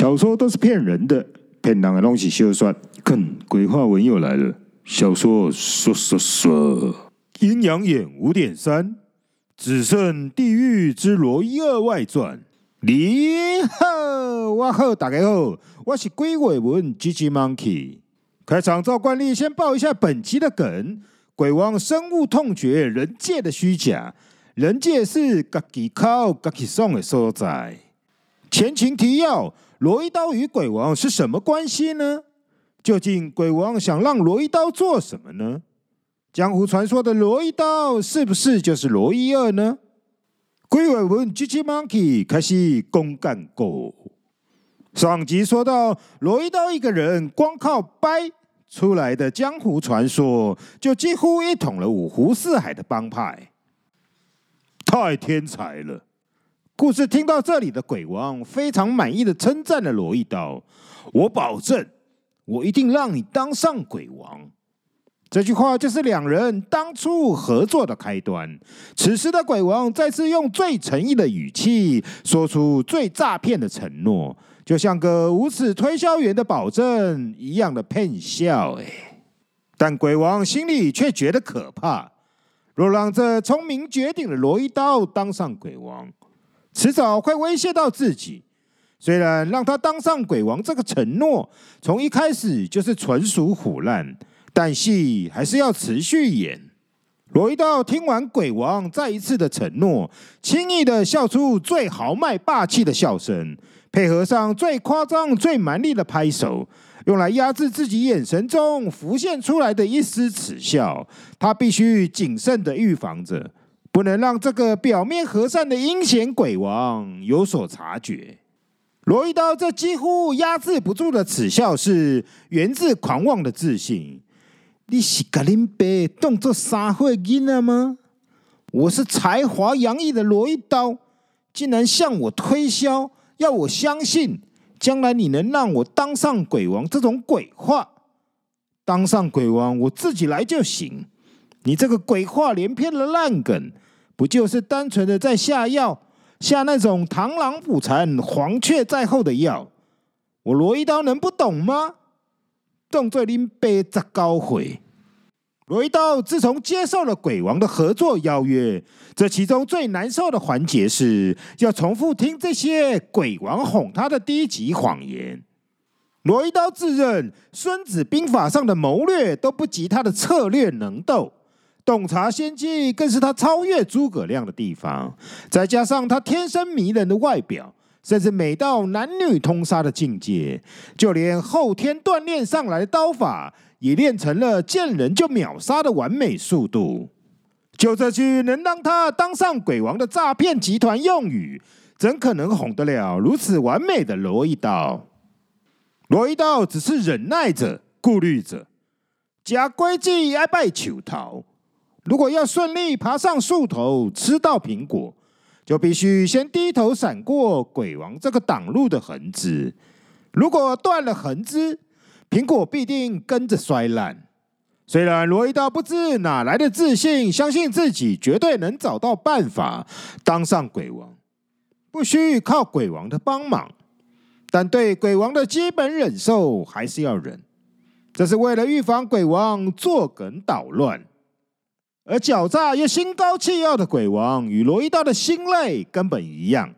小說都是騙人的，騙人的東西休說。梗鬼話文又來了，小說說說陰陽眼五點三，只剩地獄之羅一二外傳。你好，我好，大家好，我是鬼話文 GG Monkey。開場照慣例先報一下本期的梗：鬼王深惡痛絕人界的虛假，人界是各己哭各己爽的所在。前情提要。羅一刀與鬼王是什麼關係呢？究竟鬼王想讓羅一刀做什麼呢？江湖傳說的羅一刀是不是就是羅一二呢？鬼話文 GGmonkey 開始公幹過。上集說到羅一刀一個人光靠掰出來的江湖傳說，就幾乎一統了五湖四海的幫派，太天才了。故事聽到這裡的鬼王非常滿意的稱讚了羅一刀，我保證，我一定讓你當上鬼王。這句話就是兩人當初合作的開端。此時的鬼王再次用最誠意的語氣說出最詐騙的承諾，就像個無恥推銷員的保證一樣的騙笑。誒，但鬼王心裡卻覺得可怕，若讓這聰明絕頂的羅一刀當上鬼王。遲早會威脅到自己。雖然讓他當上鬼王這個承諾，從一開始就是純屬唬爛，但戲還是要持續演。羅一道聽完鬼王再一次的承諾，輕易的笑出最豪邁霸氣的笑聲，配合上最誇張最蠻力的拍手，用來壓制自己眼神中浮現出來的一絲恥笑。他必須謹慎的預防着。不能讓這個表面和善的陰險鬼王有所察覺。羅一刀這幾乎壓制不住的恥笑，是源自狂妄的自信。你是格林北當作三歲囡仔了嗎？我是才華洋溢的羅一刀，竟然向我推銷要我相信，將來你能讓我當上鬼王這種鬼話。當上鬼王我自己來就行。你這個鬼話連篇的爛梗！不就是單純的在下藥，下那種螳螂捕蟬，黃雀在後的藥？我羅一刀能不懂嗎？重罪林杯責高悔。羅一刀自從接受了鬼王的合作邀約，這其中最難受的環節是要重複聽這些鬼王哄他的低級謊言。羅一刀自認《孫子兵法》上的謀略都不及他的策略能鬥。洞察先機，更是他超越諸葛亮的地方。再加上他天生迷人的外表，甚至美到男女通殺的境界，就連後天鍛鍊上來的刀法，也練成了見人就秒殺的完美速度。就這句能讓他當上鬼王的詐騙集團用語，怎可能哄得了如此完美的羅一刀？羅一刀只是忍耐着，顧慮着，假規矩愛拜求逃。如果要順利爬上樹頭吃到蘋果，就必須先低頭閃過鬼王這個擋路的橫枝。如果斷了橫枝，蘋果必定跟着摔爛。雖然羅一二不知哪來的自信，相信自己絕對能找到辦法當上鬼王，不需靠鬼王的幫忙，但對鬼王的基本忍受還是要忍。這是為了預防鬼王作梗搗亂。而狡詐又心高氣傲的鬼王，與羅一刀的心累根本一樣。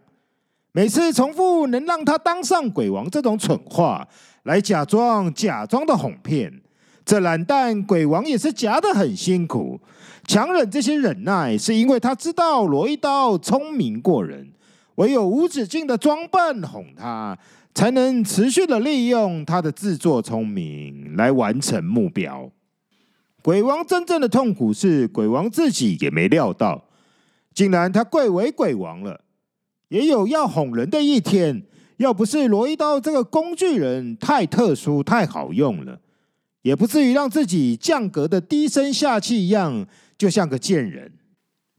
每次重複能讓他當上鬼王這種蠢話，來假裝假裝的哄騙。這懶蛋鬼王也是夾得很辛苦，強忍這些忍耐，是因為他知道羅一刀聰明過人，唯有無止境的裝扮哄他，才能持續的利用他的自作聰明來完成目標。鬼王真正的痛苦是鬼王自己也沒料到，竟然他貴為鬼王了，也有要哄人的一天。要不是羅一刀這個工具人太特殊、太好用了，也不至於讓自己降格的低聲下氣一樣，就像個賤人。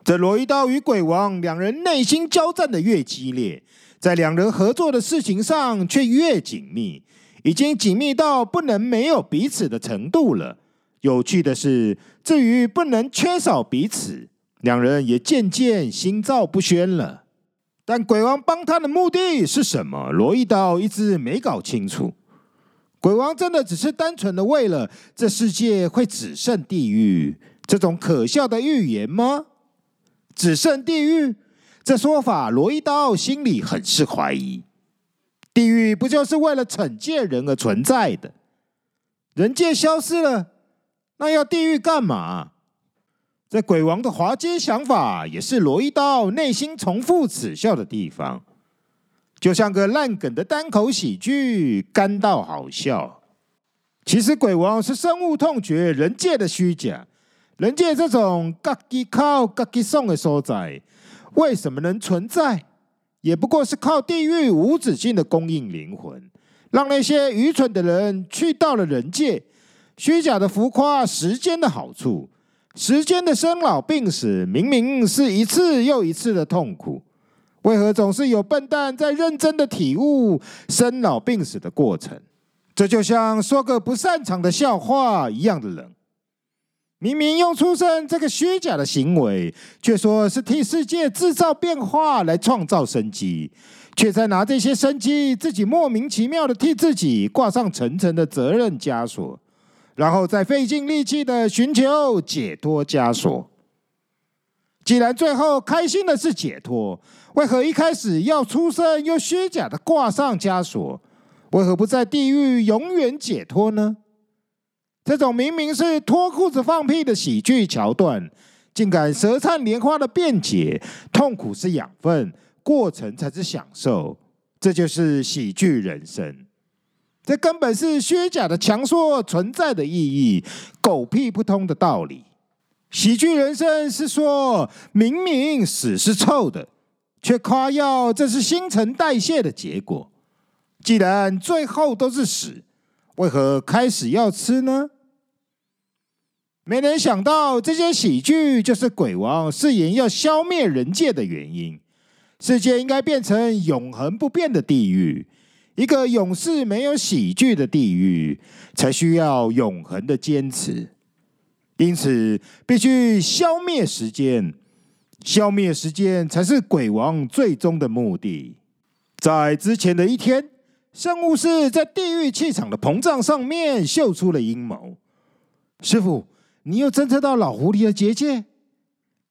這羅一刀與鬼王兩人內心交戰的越激烈，在兩人合作的事情上卻越緊密，已經緊密到不能沒有彼此的程度了。有趣的是，至於不能缺少彼此，兩人也漸漸心照不宣了。但鬼王幫他的目的是什麼？羅一刀一直沒搞清楚。鬼王真的只是單純的為了這世界會只剩地獄這種可笑的預言嗎？只剩地獄，這說法，羅一刀心裡很是懷疑。地獄不就是為了懲戒人而存在的？人界消失了，那要地獄幹嘛？在鬼王的滑稽想法，也是羅一刀內心重複恥笑的地方，就像個爛梗的單口喜劇，乾到好笑。其實鬼王是深惡痛絕人界的虛假，人界這種嘎吉靠、嘎吉送的所在，為什麼能存在？也不過是靠地獄無止境的供應靈魂，讓那些愚蠢的人去到了人界。虛假的浮誇，時間的好處，時間的生老病死，明明是一次又一次的痛苦，為何總是有笨蛋在認真的體悟生老病死的過程？這就像說個不擅長的笑話一樣的冷，明明用出生這個虛假的行為，卻說是替世界製造變化來創造生機，卻在拿這些生機自己莫名其妙的替自己掛上層層的責任枷鎖。然後再費盡力氣的尋求解脫枷鎖。既然最後開心的是解脫，為何一開始要出生又虛假的掛上枷鎖？為何不在地獄永遠解脫呢？這種明明是脫褲子放屁的喜劇橋段，竟敢舌燦蓮花的辯解：痛苦是養分，過程才是享受。這就是喜劇人生。這根本是虛假的強說存在的意義，狗屁不通的道理。喜劇人生是說明明屎是臭的，卻誇耀這是新陳代謝的結果。既然最後都是屎，為何開始要吃呢？沒能想到這些喜劇就是鬼王誓言要消滅人界的原因。世界應該變成永恆不變的地獄。一個勇士沒有喜劇的地獄，才需要永恆的堅持。因此，必須消滅時間。消滅時間才是鬼王最終的目的。在之前的一天，聖巫師在地獄氣場的膨脹上面秀出了陰謀。師父，你又偵測到老狐狸的結界？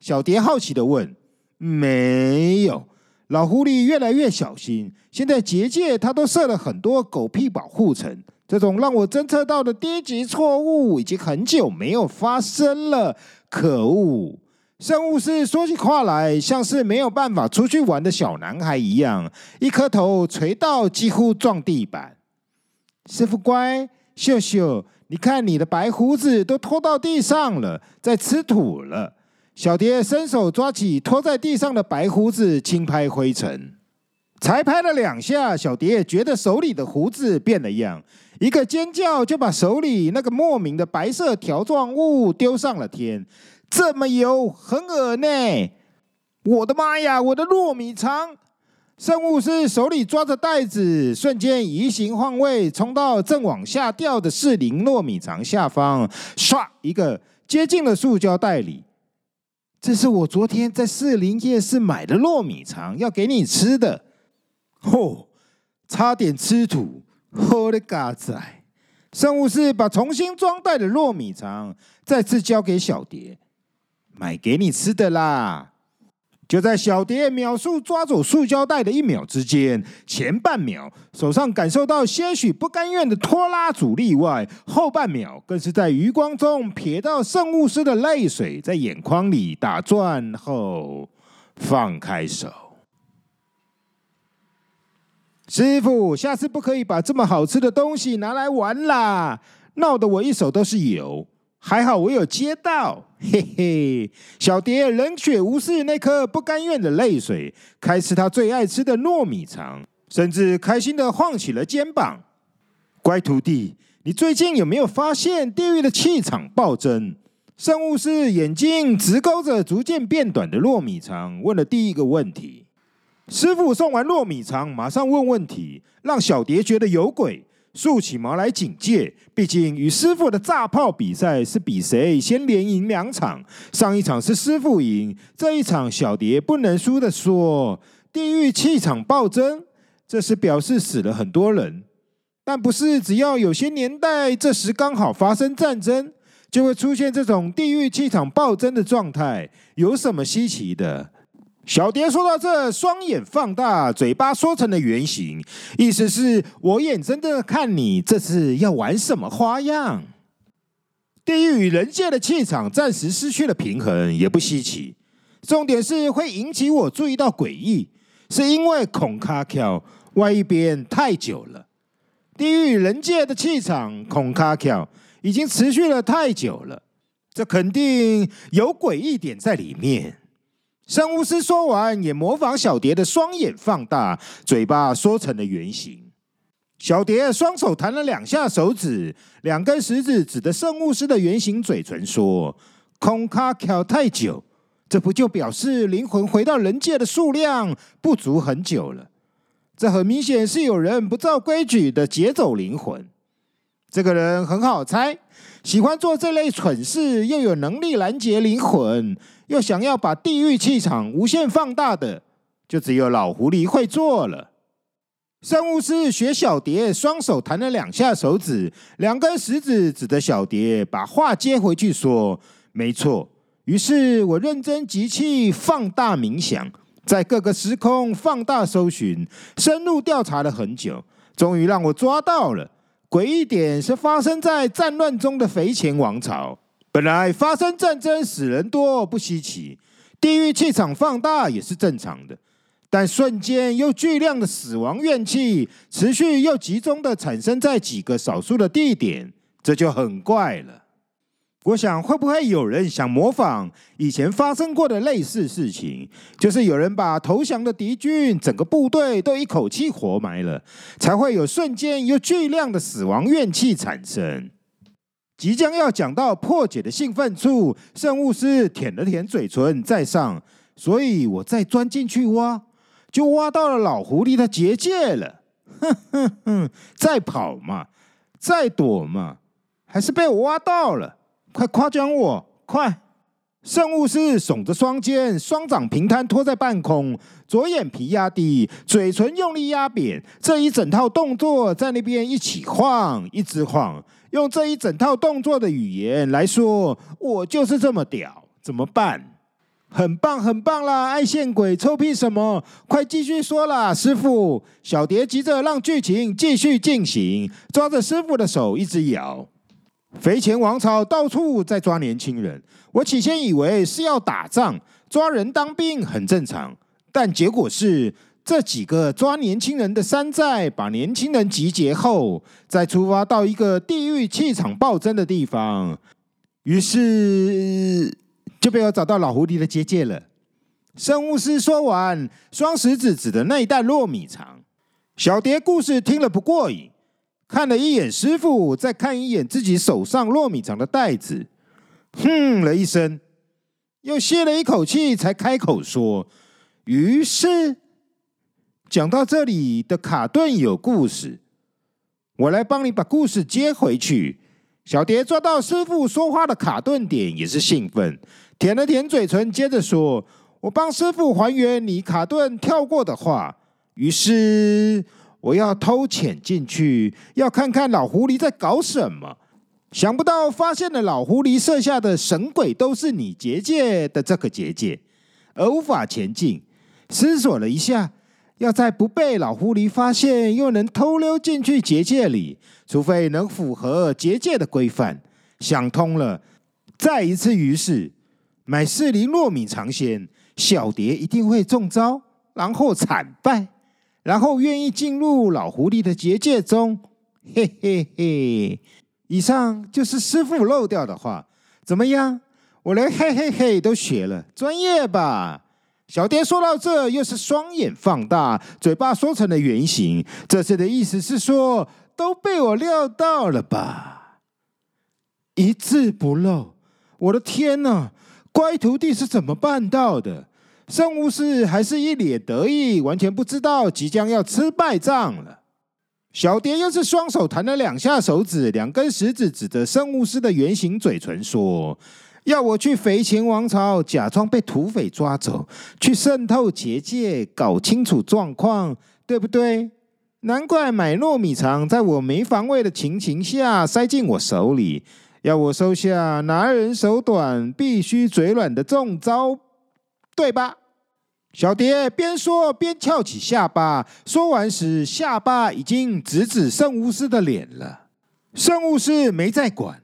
小蝶好奇地問。沒有。老狐狸越來越小心，現在結界他都設了很多狗屁保護層，這種讓我偵測到的低級錯誤已經很久沒有發生了。可惡！聖巫師說起話來像是沒有辦法出去玩的小男孩一樣，一顆頭垂到幾乎撞地板。師父乖，秀秀，你看你的白鬍子都拖到地上了，在吃土了。小蝶伸手抓起拖在地上的白鬍子，輕拍灰塵。才拍了兩下，小蝶覺得手裡的鬍子變了樣，一個尖叫就把手裡那個莫名的白色條狀物丟上了天。這麼油，很惡呢。我的媽呀，我的糯米腸！生物師手裡抓着袋子，瞬間移形換位，衝到正往下掉的士林糯米腸下方，唰，一個接近了塑膠袋裡。這是我昨天在士林夜市買的糯米腸，要給你吃的。哦，差點吃土！我的嘎仔，生物師把重新裝袋的糯米腸再次交給小蝶，買給你吃的啦。就在小蝶秒速抓走塑膠袋的一秒之間，前半秒手上感受到些許不甘願的拖拉阻力外，後半秒更是在餘光中瞥到聖物師的淚水在眼眶裡打轉後，放開手。師父，下次不可以把這麼好吃的東西拿來玩啦，鬧得我一手都是油。還好我有接到，嘿嘿。小蝶冷血無視那顆不甘願的淚水，開始吃他最愛吃的糯米腸，甚至開心的晃起了肩膀。乖徒弟，你最近有沒有發現地獄的氣場暴增？生物是眼睛直勾着逐漸變短的糯米腸，問了第一個問題。師傅送完糯米腸，馬上問問題，讓小蝶覺得有鬼。豎起毛來警戒，畢竟與師父的炸炮比賽是比誰先連贏兩場。上一場是師父贏，這一場小蝶不能輸的說。說地獄氣場暴增，這是表示死了很多人，但不是只要有些年代，這時剛好發生戰爭，就會出現這種地獄氣場暴增的狀態，有什麼稀奇的？小蝶說到這，雙眼放大，嘴巴縮成了圓形，意思是我眼睜睜看你，這次要玩什麼花樣？地獄與人界的氣場暫時失去了平衡，也不稀奇。重點是會引起我注意到詭異，是因為孔卡喬外邊太久了。地獄與人界的氣場孔卡喬已經持續了太久了，這肯定有詭異點在裡面。聖巫師說完，也模仿小蝶的雙眼放大，嘴巴縮成了圓形。小蝶雙手彈了兩下手指，兩根食指指着聖巫師的圓形嘴唇說：“空卡卡太久，這不就表示靈魂回到人界的數量不足很久了？這很明顯是有人不照規矩的劫走靈魂。這個人很好猜，喜歡做這類蠢事，又有能力攔截靈魂。”又想要把地獄氣場無限放大的，就只有老狐狸會做了。生物師學小蝶，雙手彈了兩下手指，兩根食指指着小蝶，把話接回去說：“沒錯。”於是，我認真集氣，放大冥想，在各個時空放大搜尋，深入調查了很久，終於讓我抓到了。詭異點是，發生在戰亂中的肥前王朝。本來發生戰爭死人多不稀奇，地獄氣場放大也是正常的，但瞬間又巨量的死亡怨氣，持續又集中的產生在幾個少數的地點，這就很怪了。我想，會不會有人想模仿以前發生過的類似事情？就是有人把投降的敵軍整個部隊都一口氣活埋了，才會有瞬間又巨量的死亡怨氣產生。即將要講到破解的興奮處，聖巫師舔了舔嘴唇，再上。所以我再鑽進去挖，就挖到了老狐狸的結界了。哼哼哼，再跑嘛，再躲嘛，還是被我挖到了！快誇獎我！快！聖巫師聳着雙肩，雙掌平攤拖在半空，左眼皮壓低，嘴唇用力壓扁，這一整套動作在那邊一起晃，一直晃。用這一整套動作的語言來說，我就是這麼屌，怎麼辦？很棒，很棒啦！愛現鬼，臭屁什麼？快繼續說啦！師父。小蝶急着讓劇情繼續進行，抓着師父的手一直搖。肥前王朝到處在抓年輕人，我起先以為是要打仗，抓人當兵很正常，但結果是。這幾個抓年輕人的山寨，把年輕人集結後，再出發到一個地獄氣場暴增的地方。於是就被我找到老狐狸的結界了。生物師說完，雙食指指的那一袋糯米腸。小蝶故事聽了不過癮，看了一眼師父，再看一眼自己手上糯米腸的袋子，哼了一聲，又吸了一口氣，才開口說：“於是。”講到這裡的卡頓有故事，我來幫你把故事接回去。小蝶抓到師父說話的卡頓點，也是興奮，舔了舔嘴唇，接着說：“我幫師父還原你卡頓跳過的話。於是我要偷潛進去，要看看老狐狸在搞什麼。想不到發現了老狐狸設下的鬼神都是我結界的這個結界，而無法前進。思索了一下。”要在不被老狐狸發現，又能偷溜進去結界裡，除非能符合結界的規範。想通了，再一次於，於是買士林糯米嘗鮮，小蝶一定會中招，然後慘敗，然後願意進入老狐狸的結界中。嘿嘿嘿，以上就是師父漏掉的話。怎麼樣，我連嘿嘿嘿都學了，專業吧？小蝶說到這，又是雙眼放大，嘴巴說成了圓形。這次的意思是說，都被我料到了吧？一字不漏。我的天哪、啊，乖徒弟是怎麼辦到的？聖巫師還是一臉得意，完全不知道即將要吃敗仗了。小蝶又是雙手彈了兩下手指，兩根食指指着聖巫師的圓形嘴唇說。要我去肥秦王朝假裝被土匪抓走，去滲透結界，搞清楚狀況，對不對？難怪買糯米腸，在我沒防衛的情形下塞進我手裡，要我收下，拿人手短，必須嘴軟的中招，對吧？小蝶邊說邊翹起下巴，說完時下巴已經直指聖巫師的臉了。聖巫師沒再管。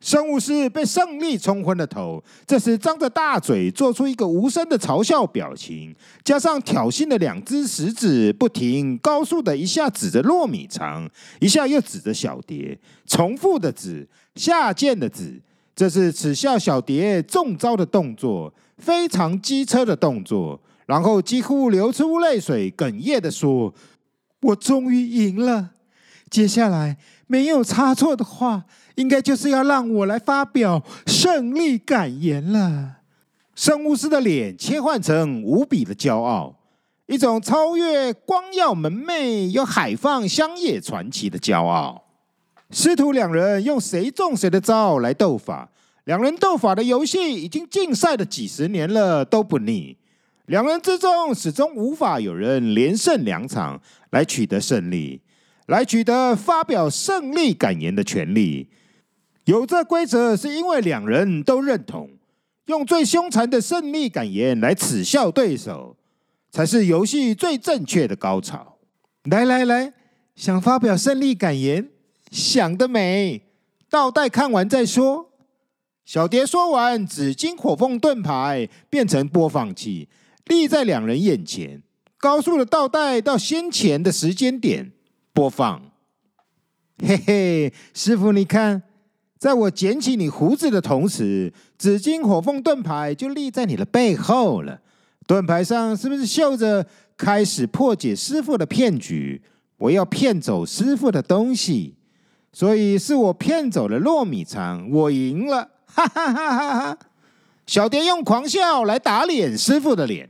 生物師被勝利沖昏了頭，這時張着大嘴，做出一個無聲的嘲笑表情，加上挑釁的兩隻食指，不停高速的一下指着糯米腸，一下又指着小蝶，重復的指，下賤的指，這是恥笑小蝶中招的動作，非常機車的動作，然後幾乎流出淚水，哽咽的說：“我終於贏了，接下來。”沒有差錯的話，應該就是要讓我來發表勝利感言了。聖巫師的臉切換成無比的驕傲，一種超越光耀門楣又海放鄉野傳奇的驕傲。師徒兩人用誰中誰的招來鬥法，兩人鬥法的遊戲已經競賽了幾十年了都不膩，兩人之中始終無法有人連勝兩場來取得勝利。來取得發表勝利感言的權利。有這規則，是因為兩人都認同，用最凶殘的勝利感言來恥笑對手，才是遊戲最正確的高潮。來來來，想發表勝利感言？想得美！倒帶看完再說。小蝶說完，紫金火鳳盾牌變成播放器，立在兩人眼前，高速的倒帶到先前的時間點。播放，嘿嘿，師傅，你看，在我撿起你鬍子的同時，紫金火鳳盾牌就立在你的背後了。盾牌上是不是繡着？開始破解師傅的騙局，我要騙走師傅的東西，所以是我騙走了糯米腸，我贏了，哈哈哈哈哈哈！小蝶用狂笑來打臉師傅的臉，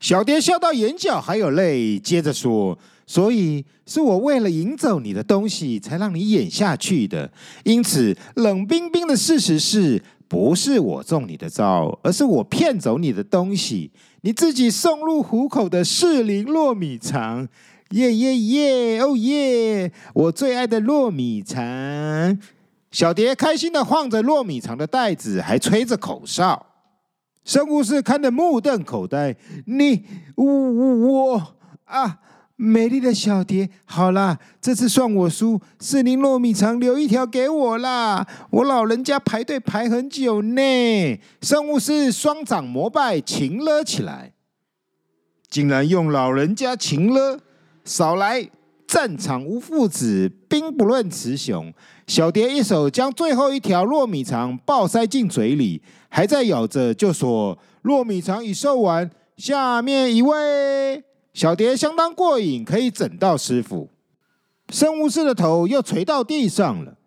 小蝶笑到眼角還有淚，接着說。所以是我為了引走你的東西，才讓你演下去的。因此，冷冰冰的事實是，不是我中你的招，而是我騙走你的東西。你自己送入虎口的士林糯米腸，耶耶耶！哦耶！我最愛的糯米腸。小蝶開心的晃着糯米腸的袋子，還吹着口哨。生物師看得目瞪口呆。你我我啊！美麗的小蝶，好啦，這次算我輸，是您糯米腸留一條給我啦！我老人家排隊排很久呢，生物師雙掌膜拜，情勒起來，竟然用老人家情勒。少來！戰場無父子，兵不論雌雄。小蝶一手將最後一條糯米腸暴塞進嘴裡，還在咬着就說：“糯米腸已售完，下面一位。”小蝶相當過癮，可以整到師父。生物師的頭又垂到地上了。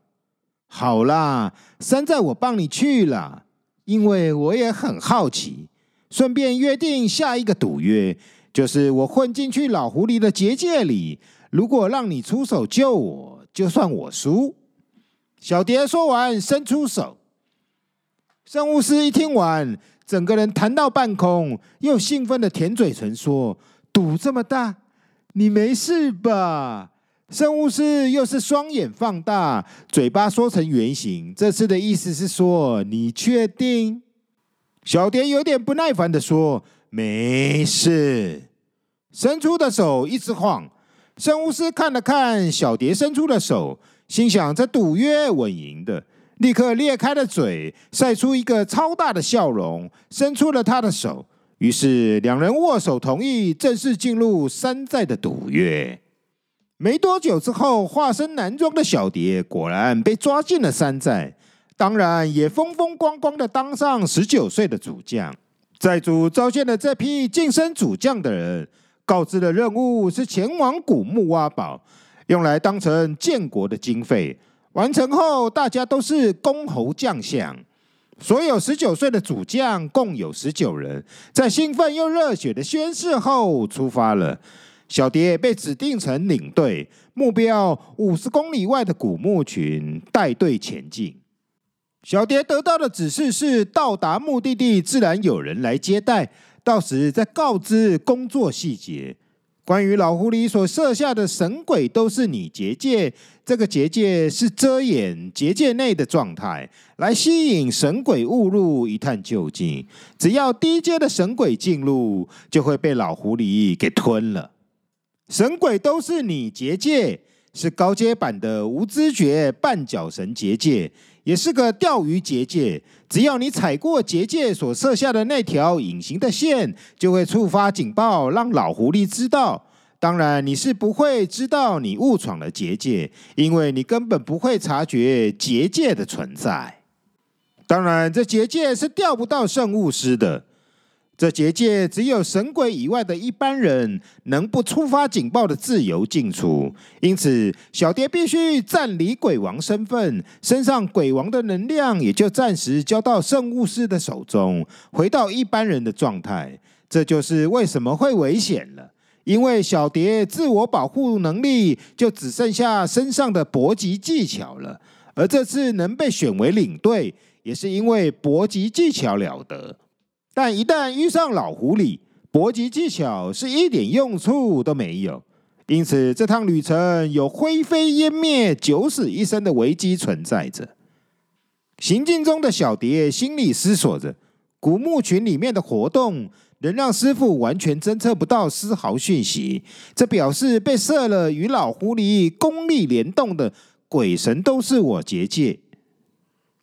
好啦，現在我幫你去了，因為我也很好奇。順便約定下一個賭約，就是我混進去老狐狸的結界裡，如果讓你出手救我，就算我輸。小蝶說完，伸出手。生物師一聽完，整個人彈到半空，又興奮地舔嘴唇說。賭這麼大，你沒事吧？生物師又是雙眼放大，嘴巴縮成圓形，這次的意思是說，你確定？小蝶有點不耐煩地說：“沒事。”伸出的手一直晃。生物師看了看小蝶伸出的手，心想這賭約穩贏的，立刻咧開了嘴，曬出一個超大的笑容，伸出了他的手。於是兩人握手同意，正式進入山寨的賭約。沒多久之後，化身男裝的小蝶果然被抓進了山寨，當然也風風光光的當上十九歲的主將。寨主召見了這批晉升主將的人，告知了任務是前往古墓挖寶，用來當成建國的經費。完成後，大家都是公侯將相。所有十九歲的主將共有十九人，在興奮又熱血的宣誓後出發了。小蝶被指定成領隊，目標五十公里外的古墓群，帶隊前進。小蝶得到的指示是：到達目的地，自然有人來接待，到時再告知工作細節。關於老狐狸所設下的神鬼都是你結界，這個結界是遮掩結界內的狀態，來吸引神鬼誤入一探究竟。只要低階的神鬼進入，就會被老狐狸給吞了。神鬼都是你結界，是高階版的無知覺絆腳神結界。也是個釣魚結界，只要你踩過結界所設下的那條隱形的線，就會觸發警報，讓老狐狸知道。當然，你是不會知道你誤闖了結界，因為你根本不會察覺結界的存在。當然，這結界是釣不到聖物師的。這結界只有神鬼以外的一般人能不觸發警報的自由進出，因此小蝶必須暫離鬼王身份，身上鬼王的能量也就暫時交到聖物師的手中，回到一般人的狀態。這就是為什麼會危險了，因為小蝶自我保護能力就只剩下身上的搏擊技巧了，而這次能被選為領隊，也是因為搏擊技巧了得。但一旦遇上老狐狸，搏擊技巧是一點用處都沒有。因此，這趟旅程有灰飛煙滅、九死一生的危機存在着。行進中的小蝶心裡思索着：古墓群裡面的活動能讓師父完全偵測不到絲毫訊息，這表示被設了與老狐狸功力聯動的鬼神都是我結界。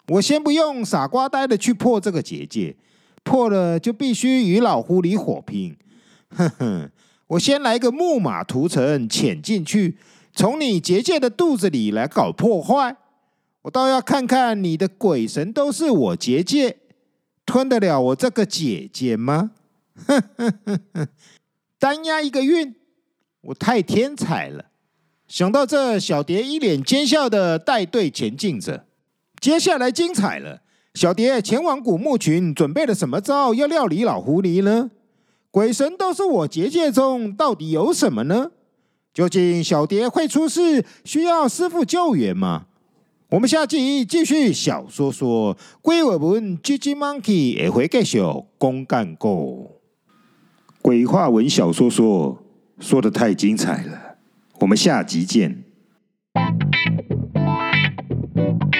我先不用傻瓜呆的去破這個結界。破了就必須與老狐狸火拼，哼哼！我先來個木馬屠城，潛進去，從你結界的肚子裡來搞破壞。我倒要看看你的鬼神都是我結界吞得了我這個姐姐嗎？哼哼哼哼，單押一個韻，我太天才了！想到這，小蝶一臉奸笑的帶隊前進着，接下來精彩了。小蝶前往古墓群，準備了什麼招，要料理老狐狸呢？鬼神都是我結界中，到底有什麼呢？究竟小蝶會出事，需要師父救援嗎？我們下集繼續小說說，鬼話文 GG monkey 也會繼續公幹過鬼話文小說說，說得太精彩了，我們下集見。音樂音樂音樂